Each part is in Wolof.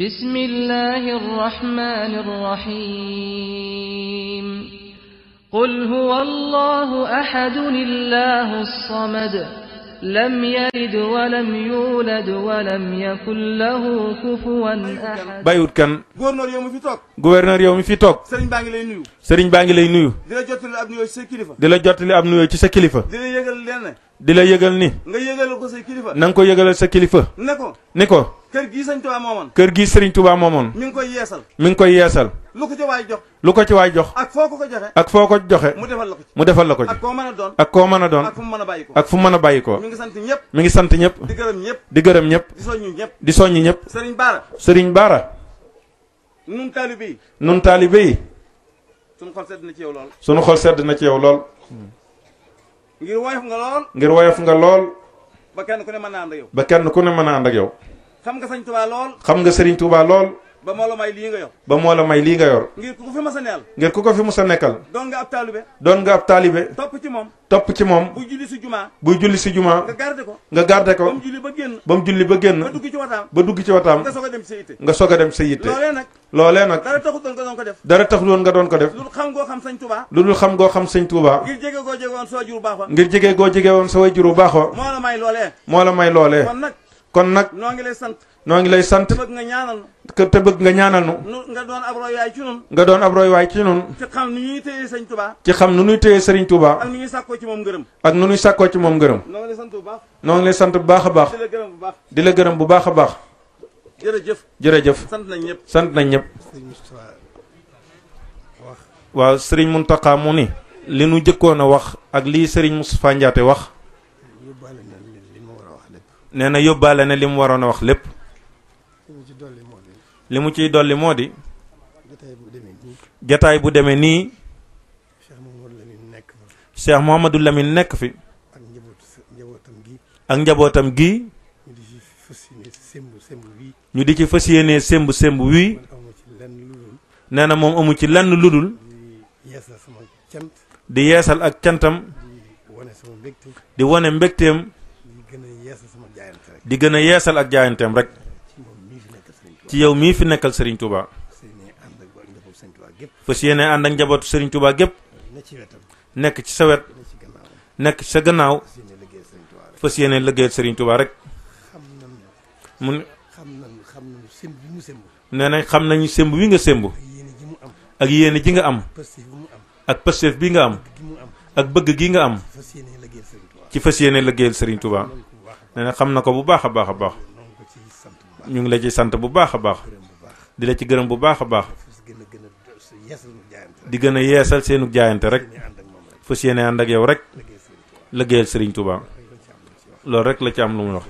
بسم الله الرحمن الرحيم قل هو الله أحد الله الصمد لم يلد ولم يولد ولم يكن له كفوا أحد bàyyiwut kan gouverneur yow mi fi toog gouverneur yow mi fi toog sëriñ baa ngi lay nuyu sëriñ baa ngi lay nuyu di la jottali ab nuyoo ci sa kilifa di la jottali ab nuyoo ci sa kilifa di la yëgal lenn di la yëgal ni nga yëgal ko sa kilifa na nga ko yëgalal sa kilifa ne ko ne ko kër gii sëriñ Touba moomoon. kër gii sëriñ Touba moomoon. mi ngi koy yeesal. mi ngi koy yeesal. lu ko ci waay jox. lu ko ci waay jox. ak foo ko joxe. ak foo ko joxe. mu defal mu defal ko ci. koo mën a doon. ak koo mën a doon. mën a ko. ak fu mu a bàyyi ko. mi ngi sant ñëpp. mi ngi sant ñëpp. di gërëm ñëpp. di gërëm ñëpp. di soññu ñëpp. di soññu ñëpp. sëriñ Baara. sëriñ Baara. nun taalibe yi. nun taalibe yi. sunu xol sedd na ci yow lool. sunu sedd na ci yow lool. ngir woyof nga lool. ngir woyof nga lool. ba kenn ku ne mën a ànd ak ba kenn ku ne mën a ànd ak yow. xam nga sëriñ Touba lool. xam nga sëriñ Touba lool. ba moo la may lii nga yor. ba moo la may lii nga yor. ngir ku ko fi mës a nekkal. ngir ku ko fi mës a nekkal. doon nga ab taalibe. doon nga ab taalibe. topp ci moom. topp ci moom. buy julli si jumaa. buy julli si jumaa. nga garde ko. nga garde ko. ba mu julli ba génn. ba mu julli ba génn. ba dugg ci wataam. ba dugg ci wataam. nga soog a dem sa yitte. nga dem sa yitte. loolee nag. loolee nag. dara taxul doon nga doon ko def. dara taxul doon nga doon ko def. lu dul xam goo xam sëñ Touba. xam goo xam jege goo jege woon baaxoo. ngir jege goo jege woon sa wajuru baaxoo. moo la moo la may loolee. nag kon nag noo ngi lay sant. noo ngi lay sant. te bëgg nga ñaanal nu. bëgg nga ñaanal nu. nga doon ab roywaay ci nun nga doon ab roywaay ci nun ci xam nu ñuy ci xam nu ñuy téye sëriñ Touba. ak nu ñuy sàkkoo ci moom ngërëm. ak nu ñuy ci moom ngërëm. noo ngi lay sant bu baax. noo ngi lay sant bu baax a baax. di la gërëm bu baax. di la gërëm bu baax a baax. jërëjëf. jërëjëf. sant nañ ñëpp. sant nañ ñëpp. waaw sëriñ Mountakha mu ni li nu jëkkoon a wax ak lii sëriñ Moustapha Ndiaté wax nee na yóbbaale na li mu waroon a wax lépp li mu ciy dolli moo di jataay bu demee nii Cheikh Mouhamadou Lamine nekk fi ak njabootam gi ñu di ci fas yéenee semb semb wii nee na moom amu ci lenn lu dul di yeesal ak cantam di wane mbégteem di gën a yeesal ak jaayanteem rek ci yow mii fi nekkal Serigne Touba fas yéene ànd ak njabootu Serigne tubaa gépp nekk ci sa wet nekk ci sa gannaaw fës yenee liggéeyal Serigne Touba rek mun nee nañ xam nañu sémb wi nga sémb ak yéene ji nga am ak pësteef bi nga am ak bëgg gi nga am ci fës yéene liggéeyal Serigne Touba. nee xam na ko bu baax a baax a baax ñu ngi la ci sant bu baax a baax di la ci gërëm bu baax a baax di gën a yeesal seenu jaayante rek fas yéene ànd ak yow rek liggéeyal sëriñ Touba loolu rek la ci am lu mu wax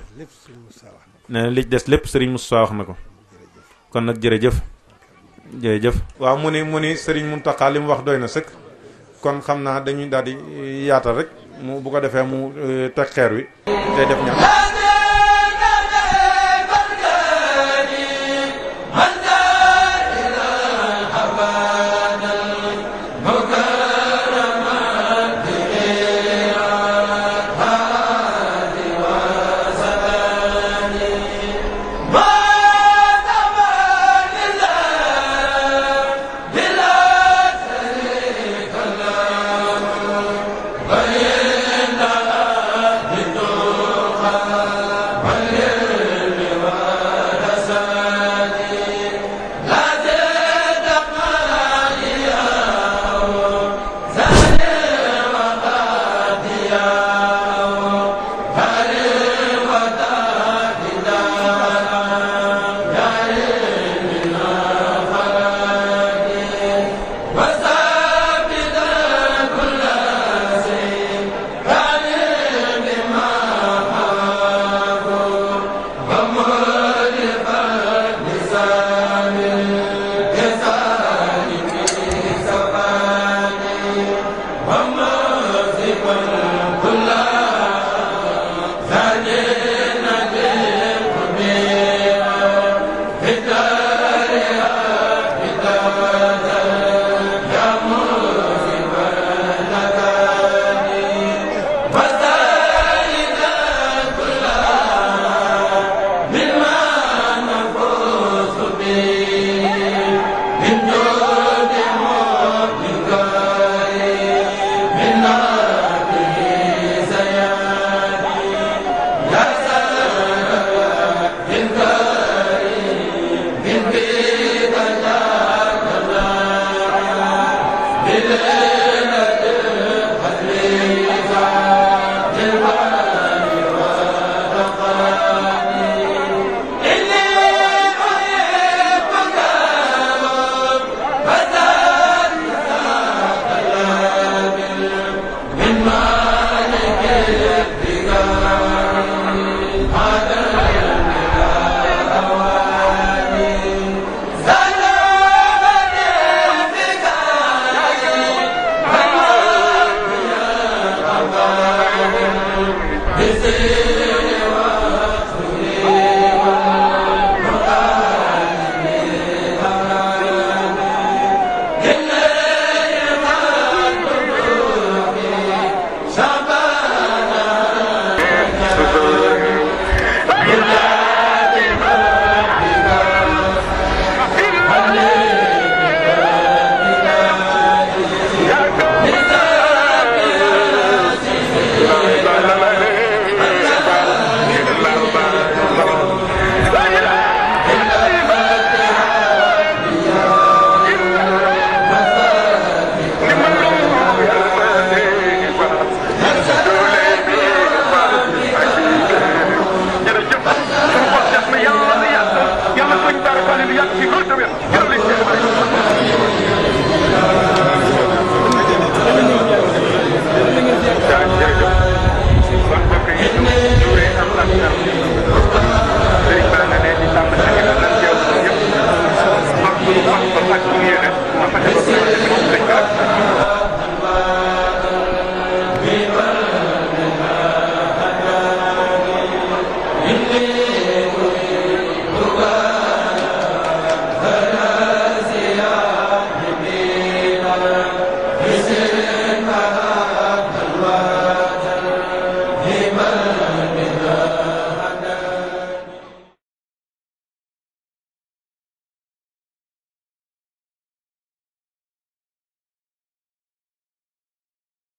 nee li des lépp Serigne Moussa wax na ko kon nag jërëjëf jërëjëf. waa mu ni mu ni Serigne Mountakha li mu wax doy na sëkk kon xam naa dañu daal di yaatal rek. mu bu ko defee mu euh, teg xeer wi tey def ñax